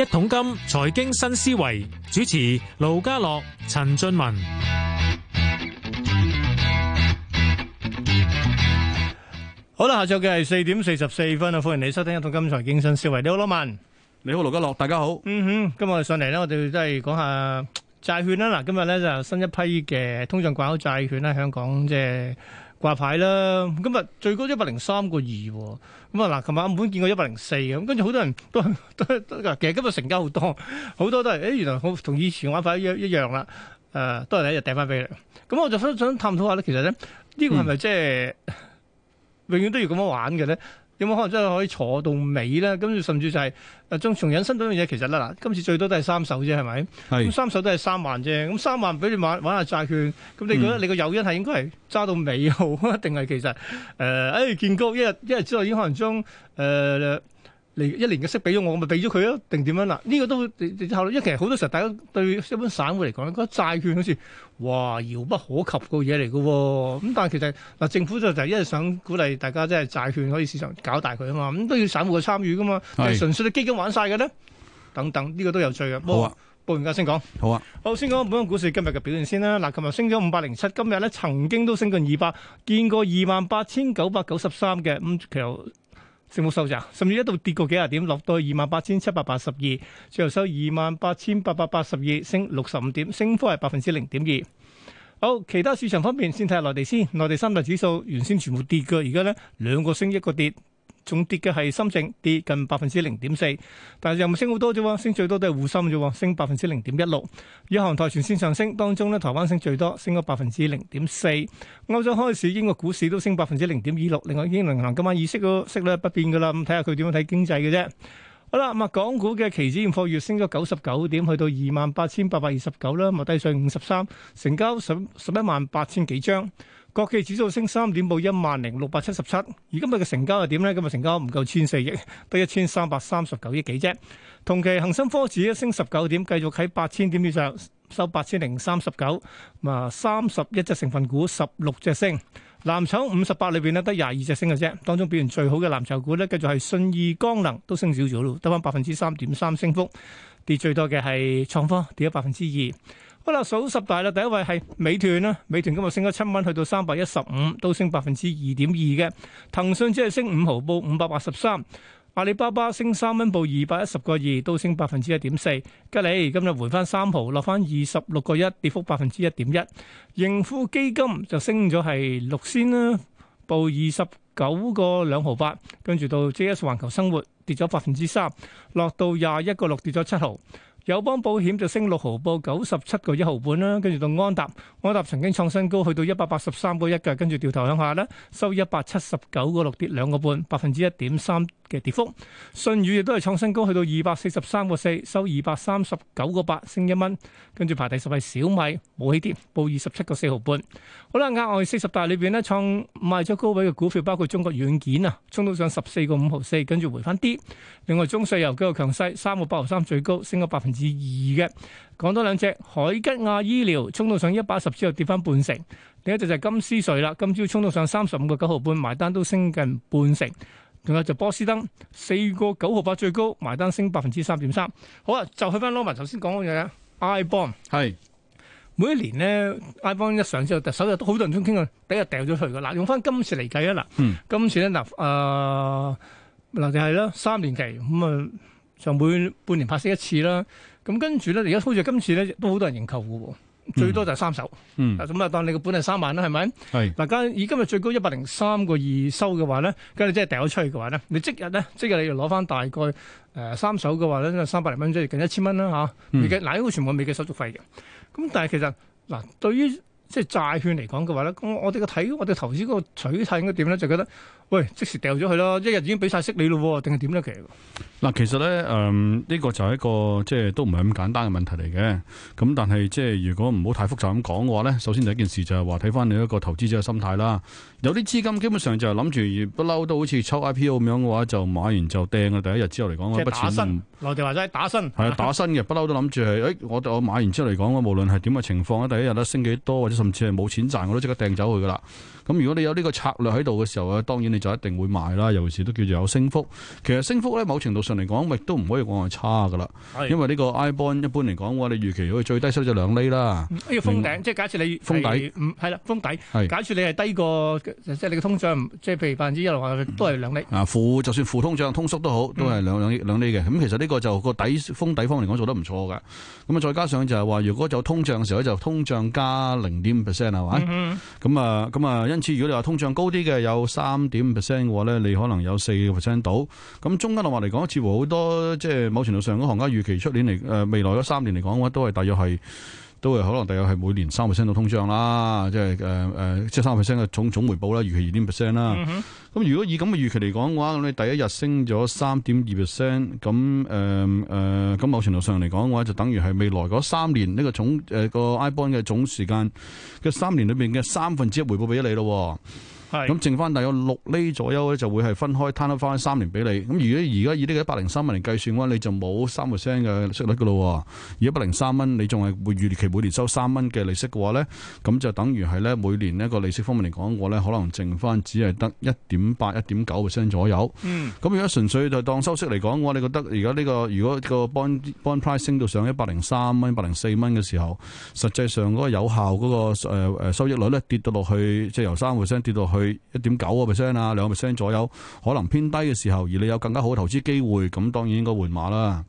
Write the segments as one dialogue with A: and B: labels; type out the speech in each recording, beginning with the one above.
A: 一桶金財經新思維，主持盧家樂、陳俊文，好啦，下晝嘅係四點四十四分啊！歡迎你收聽一桶金財經新思維，你好羅文，
B: 你好盧家樂，大家好，
A: 嗯哼，今日上嚟呢，我哋都係講下債券啦。嗱，今日咧，就新一批嘅通脹掛鈎債券咧，香港即係。掛牌啦，今日最高一百零三個二，咁啊嗱，琴日暗盤見過一百零四，咁跟住好多人都係都，都其實今日成交好多，好多都係，誒、哎、原來我同以前玩法一一樣啦，誒、呃、都係第一日掟翻俾你，咁、嗯、我就想想探討下咧，其實咧呢、這個係咪即係永遠都要咁樣玩嘅咧？有冇可能真係可以坐到尾，跟住，甚至就係誒將從引申到樣嘢。其實咧嗱，今次最多都係三手啫，係咪？咁是三手都係三萬啫。咁三萬俾你買，玩下債券。咁你覺得你個誘因係應該係揸到尾好啊？定係、嗯、其實誒，誒見高一日一日之後已經可能將誒、呃一年嘅息俾咗我，我咪俾咗佢咯，定點樣啦？呢個都效，因為其實好多時候，大家對一般散戶嚟講，覺得債券好似哇遙不可及嘅嘢嚟嘅。咁但係其實嗱，政府就就一係想鼓勵大家即係債券可以市場搞大佢啊嘛，咁都要散戶去參與噶嘛。係是純粹啲基金玩晒嘅咧，等等呢、這個都有罪嘅。冇啊，報完價先講。好啊，我、啊、先講本港股市今日嘅表現先啦。嗱，琴日升咗五百零七，今日咧曾經都升近二百，見過二萬八千九百九十三嘅。咁、嗯、其實升幅收窄，甚至一度跌過幾廿點，落到二萬八千七百八十二，最後收二萬八千八百八十二，升六十五點，升幅係百分之零點二。好，其他市場方面，先睇下內地先，內地三大指數原先全部跌嘅，而家咧兩個升一個跌。總跌嘅係深圳，跌近百分之零點四，但係又唔升好多啫，升最多都係滬深啫，升百分之零點一六。日韓台全線上升，當中咧台灣升最多，升咗百分之零點四。歐洲開市，英國股市都升百分之零點二六。另外，英倫銀行今晚議息個息率不變噶啦，咁睇下佢點樣睇經濟嘅啫。好啦，咁啊，港股嘅期指現貨月升咗九十九點，去到二萬八千八百二十九啦，咁啊，低水五十三，成交十十一萬八千幾張。國企指數升三點，報一萬零六百七十七。而今日嘅成交又點呢？今日成交唔夠千四億，得一千三百三十九億幾啫。同期恒生科指升十九點，繼續喺八千點以上，收八千零三十九。咁啊，三十一隻成分股，十六隻升。藍籌五十八裏邊呢，得廿二隻升嘅啫。當中表現最好嘅藍籌股呢，繼續係信義光能都升少咗咯，得翻百分之三點三升幅。跌最多嘅係創科，跌咗百分之二。好啦，數十大啦，第一位係美團啦，美團今日升咗七蚊，去到三百一十五，都升百分之二點二嘅。騰訊只係升五毫，報五百八十三。阿里巴巴升三蚊，報二百一十個二，都升百分之一點四。吉利今日回翻三毫，落翻二十六個一，跌幅百分之一點一。盈富基金就升咗係六仙啦，報二十九個兩毫八，跟住到 JS 環球生活跌咗百分之三，落到廿一個六，跌咗七毫。友邦保險就升六毫報九十七個一毫半啦，跟住到安踏，安踏曾經創新高去到一百八十三個一嘅，跟住掉頭向下啦，收一百七十九個六跌兩個半，百分之一點三嘅跌幅。舜宇亦都係創新高去到二百四十三個四，收二百三十九個八升一蚊，跟住排第十係小米，冇起跌，報二十七個四毫半。好啦，額外四十大裏邊咧，創賣咗高位嘅股票包括中國軟件啊，衝到上十四個五毫四，跟住回翻啲。另外中石油今日強勢，三個八毫三最高，升個百分。至二嘅，講多兩隻，海吉亞醫療衝到上一百一十之後跌翻半成，另一隻就金絲穗啦，今朝衝到上三十五個九毫半，埋單都升近半成，仲有就波司登四個九毫八最高，埋單升百分之三點三，好啊，就去翻羅文頭先講嗰嘢 i bond 係是每一年呢 i bond 一上之後，首日都好多人中傾啊，第一日掉咗去噶，嗱用翻今次嚟計啊，嗱、嗯，今次咧嗱，誒、呃、嗱就係、是、啦，三年期咁啊。就每半年派息一次啦，咁、嗯、跟住咧，而家好似今次咧都好多人認購嘅喎、哦，最多就係三手，咁啊、嗯、當你個本係三萬啦，係咪？嗱是，今以今日最高一百零三個二收嘅話咧，咁你即係掉咗出去嘅話咧，你即日咧，即日你就攞翻大概誒、呃、三手嘅話咧，三百零蚊即係近一千蚊啦吓，啊嗯、而家嗱呢個全部未計手續費嘅。咁、嗯、但係其實嗱、呃，對於即係債券嚟講嘅話咧，咁我哋嘅睇，我哋投資嗰個取態應該點咧？就覺得。喂，即時掉咗佢啦！一日已經俾晒息你咯，定係點咧？其實
B: 嗱，其實咧，誒呢個就係一個即係都唔係咁簡單嘅問題嚟嘅。咁但係即係如果唔好太複雜咁講嘅話咧，首先第一件事就係話睇翻你一個投資者嘅心態啦。有啲資金基本上就係諗住不嬲都好似抽 IPO 咁樣嘅話，就買完就掟啊！第一日之後嚟講，一筆錢
A: 落地或者打新係啊，打
B: 新嘅不嬲都諗住係誒，我我買完之後嚟講，我無論係點嘅情況咧，第一日咧升幾多或者甚至係冇錢賺，我都即刻掟走佢噶啦。咁如果你有呢個策略喺度嘅時候咧，當然你，就一定會賣啦，尤其是都叫做有升幅。其實升幅咧，某程度上嚟講，亦都唔可以講係差噶啦。的因為呢個 iBond 一般嚟講嘅話，你預期如果最低收咗兩厘啦。呢、嗯這個封頂，
A: 外即係假設你封底，係啦，封底。的假設你係低過，即係你嘅通脹，即係譬如百分之一，話都係兩
B: 厘。啊、嗯，負就算負通脹、通縮都好，都係兩兩兩厘嘅。咁、嗯、其實呢個就個底封底方面嚟講做得唔錯嘅。咁啊，再加上就係話，如果就通脹嘅時候，就通脹加零點五 percent 係嘛。咁啊，咁啊、嗯，嗯、因此如果你話通脹高啲嘅，有三點 percent 嘅話咧，你可能有四 percent 到。咁中間落話嚟講，似乎好多即係某程度上，嗰行家預期出年嚟誒、呃，未來嗰三年嚟講嘅話，都係大約係，都係可能大約係每年三 percent 到通脹啦，即係誒誒，即係三 percent 嘅總總回報啦，預期二點 percent 啦。咁、嗯、哼如果以咁嘅預期嚟講嘅話，咁你第一日升咗三點二 percent，咁誒誒、咁、呃呃、某程度上嚟講嘅話，就等於係未來嗰三年呢、這個總誒、呃、個 iBond 嘅總時間嘅三年裏邊嘅三分之一回報俾咗你咯。咁剩翻大概六厘左右咧，就會係分開攤開翻三年俾你。咁如果而家以呢個一百零三蚊嚟計算嘅話，你就冇三個 percent 嘅息率嘅咯。而一百零三蚊，你仲係會預期每年收三蚊嘅利息嘅話咧，咁就等於係咧每年咧個利息方面嚟講，我咧可能剩翻只係得一點八、一點九 percent 左右。嗯，咁如果純粹就當收息嚟講嘅話，你覺得而家呢個如果個 bond bond price 升到上一百零三蚊、一百零四蚊嘅時候，實際上嗰個有效嗰個誒誒收益率咧跌到落去，即係由三 percent 跌到去。佢一點九個 percent 啊，兩個 percent 左右，可能偏低嘅時候，而你有更加好嘅投資機會，咁當然應該換馬啦。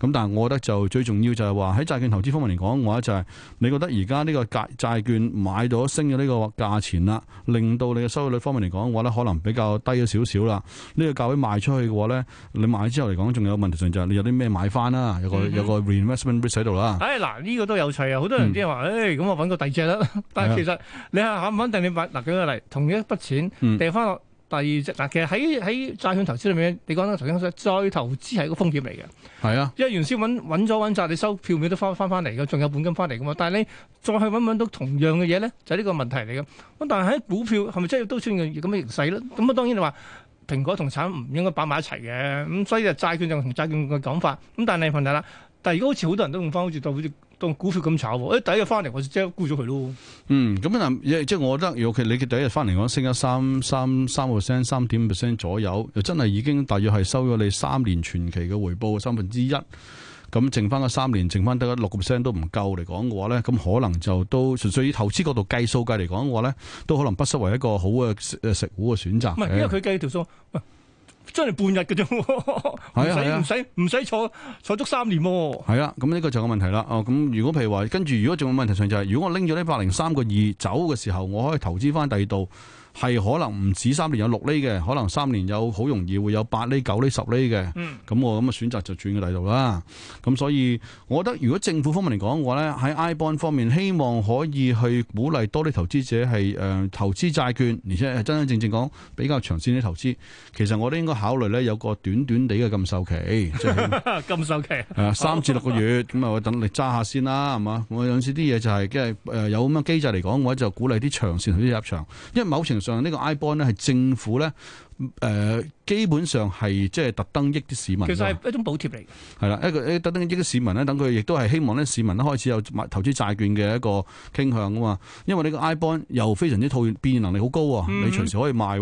B: 咁但係我覺得就最重要就係話喺債券投資方面嚟講嘅話，就係你覺得而家呢個債債券買咗升嘅呢個價錢啦，令到你嘅收益率方面嚟講嘅話咧，可能比較低咗少少啦。呢個價位賣出去嘅話咧，你買之後嚟講仲有問題上就係你有啲咩買翻啦？有個有個 reinvestment risk 喺度啦。
A: 誒嗱、嗯，呢個都有趣啊！好多人即係話，誒咁我揾個第二隻啦。但係其實你係肯唔肯定你買嗱，舉個例，同一筆錢掟翻落。第二隻嗱，其實喺喺債券投資裏面，你講得頭先再投資係一個風險嚟嘅。係啊，因為原先揾揾咗揾賺，你收票票都翻翻翻嚟嘅，仲有本金翻嚟嘅嘛。但係你再去揾揾到同樣嘅嘢咧，就係呢個問題嚟嘅。咁但係喺股票係咪真係都出現咁嘅形勢咧？咁啊，當然你話蘋果同產唔應該擺埋一齊嘅。咁所以就債券就同債券嘅講法。咁但係問題啦，但係而家好似好多人都用翻好似到好似。當股票咁炒，哎，第一日翻嚟我就即刻沽咗佢
B: 咯。嗯，咁啊，即係我覺得，尤其你第一日翻嚟講，升咗三三三個 percent，三點五 percent 左右，又真係已經大約係收咗你三年全期嘅回報三分之一，咁剩翻個三年，剩翻得六個 percent 都唔夠嚟講嘅話咧，咁可能就都純粹以投資角度計數計嚟講嘅話咧，都可能不失為一個好嘅誒，食股嘅選擇。係，因為佢
A: 計條數。真係半日嘅啫，唔使唔使唔
B: 使坐坐足三年。係啊，咁呢、啊、個就有問題啦。哦，咁如果譬如話跟住，如果仲有問題上就係、是，如果我拎咗呢八零三個二走嘅時候，我可以投資翻第二度。係可能唔止三年有六厘嘅，可能三年有好容易會有八厘、九厘、十厘嘅。嗯，咁我咁嘅選擇就轉去第度啦。咁所以，我覺得如果政府方面嚟講嘅話咧，喺 iBond 方面，希望可以去鼓勵多啲投資者係誒、呃、投資債券，而且係真真正正講比較長線啲投資。其實我都應該考慮咧，有個短短哋嘅禁售期。即、就
A: 是、 禁售期誒，三
B: 至六個月咁啊， 等你揸下先啦，係嘛？我有時啲嘢就係即係誒有咁嘅機制嚟講，我咧就鼓勵啲長線啲入場，因為某程度上呢個 iBond 咧係政府咧，誒基本上係即係特登益啲市民。其實係一種補貼嚟。係啦，一個誒特登益啲市民咧，等佢亦都係希望咧，市民咧開始有買投資債券嘅一個傾向啊嘛。因為呢個 iBond 又非常之套變現能力好高啊，你隨時可以賣。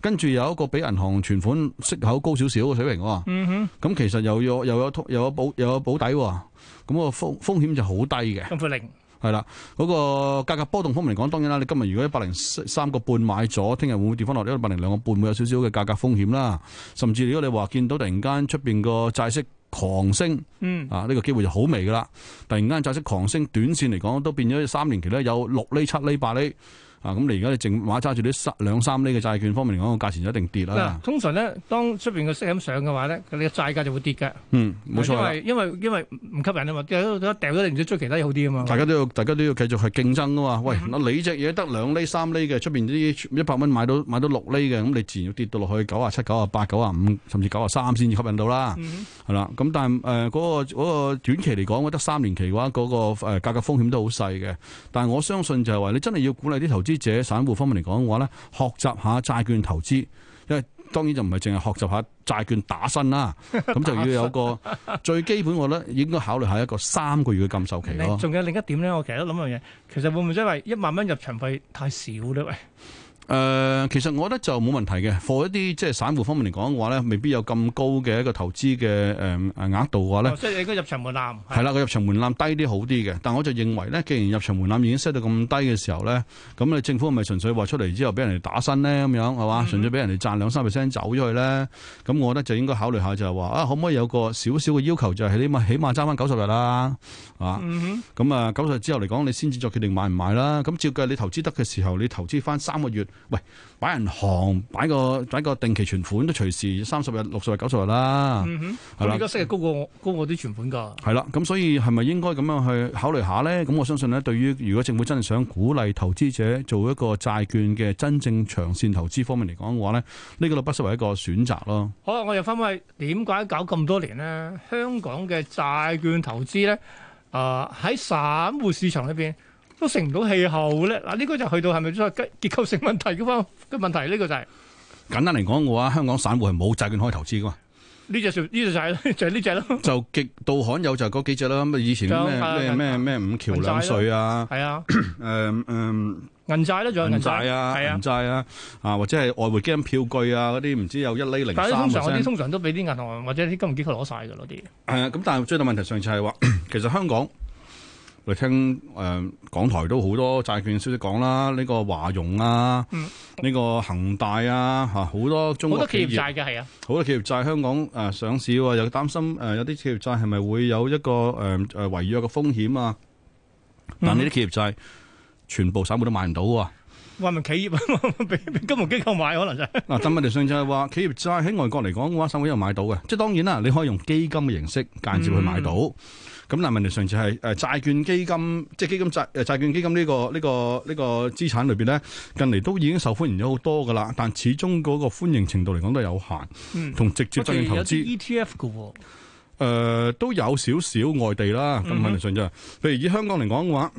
B: 跟住、嗯、哼有一個比銀行存款息口高少少嘅水平。嗯，咁哼其實又有又有又有保又有保底，咁、那個風風險就好低嘅。嗯係啦，嗰個價格波動方面嚟講，當然啦，你今日如果一百零三個半買咗，聽日會唔會跌翻落一百零兩個半，會有少少嘅價格風險啦。甚至如果你話見到突然間出面個債息狂升，嗯，啊，呢個機會就好微噶啦。突然間債息狂升，短線嚟講都變咗三年期咧有六厘、七厘、八厘。啊，咁你而家你淨話揸住啲三兩三厘嘅債券方面嚟講，個價錢一定跌啦。
A: 通常咧，當出邊個息咁上嘅話咧，你哋嘅債價就會跌嘅。
B: 嗯，冇錯，啊，因。
A: 因為因為唔吸引啊嘛，掉咗你唔知追其他嘢好啲啊嘛。大
B: 家都要大家都要繼續去競爭啊嘛。喂，嗯、哼你隻嘢得兩厘三厘嘅，出邊啲一百蚊買到買到六厘嘅，咁你自然要跌到落去九啊七、九啊八、九啊五，甚至九啊三先至吸引到啦。係、嗯、哼啦，咁但係誒嗰個短期嚟講，我得三年期嘅話，嗰、那個誒價格風險都好細嘅。但係我相信就係、是、話，你真係要鼓勵啲投資。投資者散戶方面嚟講嘅話咧，學習下債券投資，因為當然就唔係淨係學習下債券打新啦，咁 就要有個最基本嘅話，我咧應該考慮下一個三個月嘅禁售期咯。仲
A: 有另一點咧，我其實都諗樣嘢，其實會唔會因為一萬蚊入場費太少咧？喂
B: 誒、呃，其實我覺得就冇問題嘅，放一啲即係散戶方面嚟講嘅話咧，未必有咁高嘅一個投資嘅誒誒額度嘅話咧，哦、呢即係應該入場門檻係啦，個的入場門檻低啲好啲嘅。但我就認為咧，既然入場門檻已經 set 到咁低嘅時候咧，咁你政府咪純粹話出嚟之後俾人哋打新咧咁樣係嘛，嗯、哼純粹俾人哋賺兩三 percent 走咗去咧，咁我覺得就應該考慮下就係話啊，可唔可以有個少少嘅要求就係起碼起碼揸翻九十日啦，啊，咁啊九十日之後嚟講你先至再決定買唔買啦。咁照計你投資得嘅時候，你投資翻三個月。喂，擺銀行擺個擺個定期存款都隨時三十日、六十日、九十日啦。嗯哼，啊，你而家息係
A: 高過我高過啲存款噶。
B: 係啦，咁所以係咪應該咁樣去考慮下咧？咁我相信咧，對於如果政府真係想鼓勵投資者做一個債券嘅真正長線投資方面嚟講嘅話咧，呢個不不失為一個選擇咯。
A: 好，我又返返點解搞咁多年呢？香港嘅債券投資咧，誒喺散戶市場裏邊，都成唔到氣候咧，嗱呢個就去到係咪即係結構性問題嗰方嘅問題？呢個就係
B: 簡單嚟講嘅話，香港散戶係冇債券可以投資噶嘛？
A: 呢隻呢就就係就係呢隻
B: 咯，就極度罕有就係嗰幾隻啦。咁以前咩咩咩五橋兩隧啊，係啊，誒誒銀債咧，仲有銀債啊，銀債啊，啊或者係外匯基金票據啊嗰啲，唔知有一厘零三嗰啲，通
A: 常都俾啲銀行或者啲金融機構攞晒嘅嗰啲。係
B: 啊，咁但係最大問題上就係話，其實香港。我聽誒港台都好多債券消息講啦，呢、這個華融啊，呢、嗯、個恒大啊，吓好多中好企業債嘅係啊，好多企業債，企業債香港誒上市嘅話，又擔心誒有啲企業債係咪會有一個誒誒、呃、違約嘅風險啊？嗱，呢啲企業債全部散戶都買唔到啊？
A: 話咪、嗯、企業啊，
B: 金融機構買，可能就嗱、是，但問題上就係話企業債喺外國嚟講嘅話，散戶又買到嘅，即係當然啦，你可以用基金嘅形式間接去買到、嗯。咁嗱，問題上次係誒、呃、債券基金，即係基金債誒債券基金呢、呢個呢、呢個呢、呢個資產裏邊咧，近嚟都已經受歡迎咗好多噶啦，但始終嗰個歡迎程度嚟講都有限，
A: 同、嗯、直接進行投資。誒、
B: 哦呃、都有少少外地啦，咁問題上就，譬如以香港嚟講嘅話。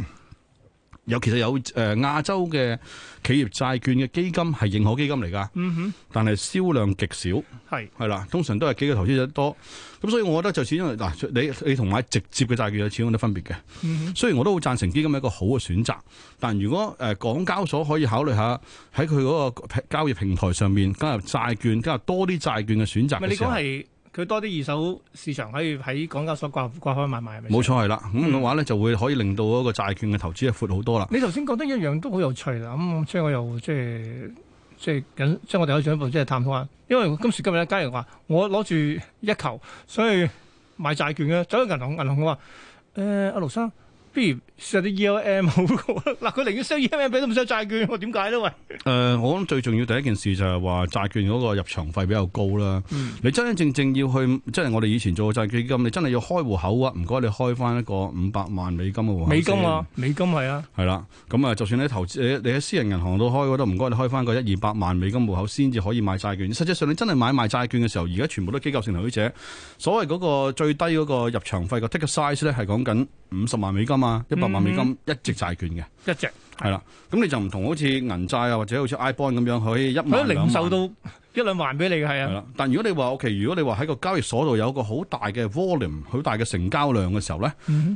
B: 其有其實有誒亞洲嘅企業債券嘅基金係認可基金嚟㗎，嗯、哼但係銷量極少，係係啦，通常都係基金投資者多，咁所以我覺得就、啊、始終嗱，你你同埋直接嘅債券有始終都有分別嘅。嗯、哼雖然我都好贊成基金係一個好嘅選擇，但如果誒、呃、港交所可以考慮下喺佢嗰個交易平台上面加入債券，加入多啲債券嘅選擇嘅時候。
A: 佢多啲二手市場可以喺港交所掛掛開賣賣，係冇
B: 錯係啦，咁嘅、嗯、話咧就會可以令到一個債券嘅投資係闊好多啦。你頭
A: 先講得一樣都好有趣啦，咁、嗯、將我又即係即係引將我哋開進一步即係探討下，因為今時今日咧，家人話我攞住一球所以買債券嘅，走去銀行，銀行話：誒、呃、阿盧生，不如。收啲 EOM 好嗱，佢寧願收 EOM 俾都唔收債券，我點解咧？喂，
B: 誒，我諗最重要第一件事就係話債券嗰個入場費比較高啦。嗯、你真真正正要去，即係我哋以前做債券基金，你真係要開戶口啊！唔該，你開翻一個五百萬美金嘅戶口。美金啊，
A: 美金係
B: 啊，係啦。咁啊，就算你投資，你喺私人銀行度開，都唔該你開翻個一二百萬美金戶口先至可以買債券。實際上你真係買賣債券嘅時候，而家全部都係機構性投資者。所謂嗰個最低嗰個入場費嘅 ticket size 咧，係講緊五十萬美金啊，嗯萬美金一隻債券嘅一隻，係啦、嗯，咁直你就唔同，好似銀債啊，或者好似 iBond 咁樣，可以一零售到萬。一兩萬俾你嘅係啊，但如果你話 O.K.，如果你話喺個交易所度有一個好大嘅 volume、好大嘅成交量嘅時候咧，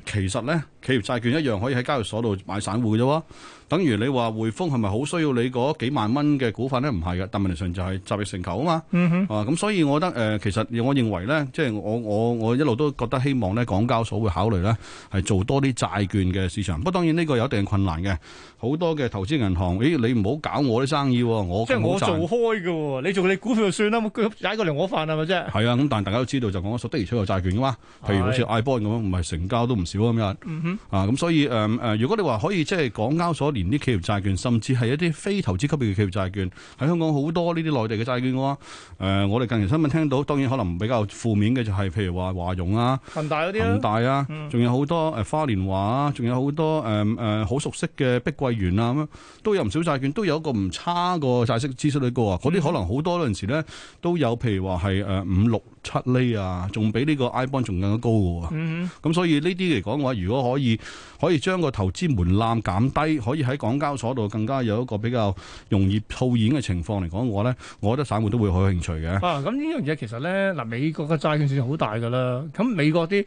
B: 其實咧企業債券一樣可以喺交易所度買散戶啫。等於你話匯豐係咪好需要你嗰幾萬蚊嘅股份咧？唔係嘅，但問題上就係集腋成裘啊嘛。啊，咁所以我覺得誒，其實我認為咧，即係我我我一路都覺得希望咧，港交所會考慮咧係做多啲債券嘅市場。不過當然呢個有一定困難嘅，好多嘅投資銀行，咦，你唔好搞我啲生意，我即係我做開
A: 嘅，你做。股票就算啦，佢解過嚟我飯係咪
B: 啫？係啊，咁但係大家都知道，就講我索的而出有債券嘅嘛。譬如好似 iBond 咁樣，唔係成交都唔少咁樣。啊，咁、嗯哼啊、所以誒誒、呃，如果你話可以即係港交所連啲企業債券，甚至係一啲非投資級別嘅企業債券，喺香港好多呢啲內地嘅債券嘅話，誒、呃，我哋近期新聞聽到，當然可能比較負面嘅就係、是、譬如話華融啊、恒大啲、啊、恒大啊，仲、嗯、有好多誒花蓮華啊，仲有好多誒誒好熟悉嘅碧桂園啊，咁都有唔少債券，都有一個唔差個債息孳息率高啊，嗰啲可能好多、嗯。嗰陣時咧都有，譬如話係誒五六七厘啊，仲比呢個 iBond 仲更加高嘅喎、啊。咁、嗯、哼所以呢啲嚟講嘅話，如果可以可以將個投資門檻減低，可以喺港交所度更加有一個比較容易套現嘅情況嚟講，我咧，我覺得散戶都會好有興趣嘅。啊，
A: 咁呢樣嘢其實咧，嗱美國嘅債券算好大嘅啦。咁美國啲。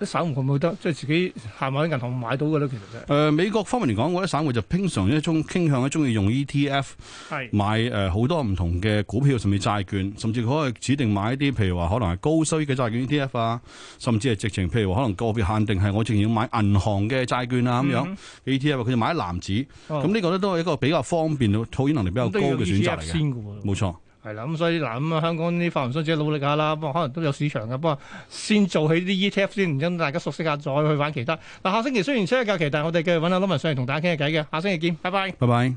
A: 啲散戶冇得，即係自己行埋喺銀行買到嘅咧，其實
B: 真係。誒，美國方面嚟講，我啲散戶就平常一中傾向一鍾意用 ETF 是買誒好、呃、多唔同嘅股票，甚至債券，甚至佢可以指定買一啲，譬如話可能係高收益嘅債券 ETF 啊，甚至係直情譬如話可能個別限定係我淨要買銀行嘅債券啊咁樣、嗯、哼，ETF 佢就買一籃子咁，呢個咧都係一個比較方便套現能力比較高嘅選擇嚟嘅。冇、嗯、哼錯。
A: 係啦，咁、嗯、所以嗱，咁、嗯、啊香港啲發行商自己努力下啦，不過可能都有市場㗎，不過先做起啲 ETF 先，等大家熟悉下再去玩其他。嗱、啊，下星期雖然七一假期，但係我哋繼續揾阿俊文上嚟同大家傾下偈嘅，下星期見，拜拜，拜拜。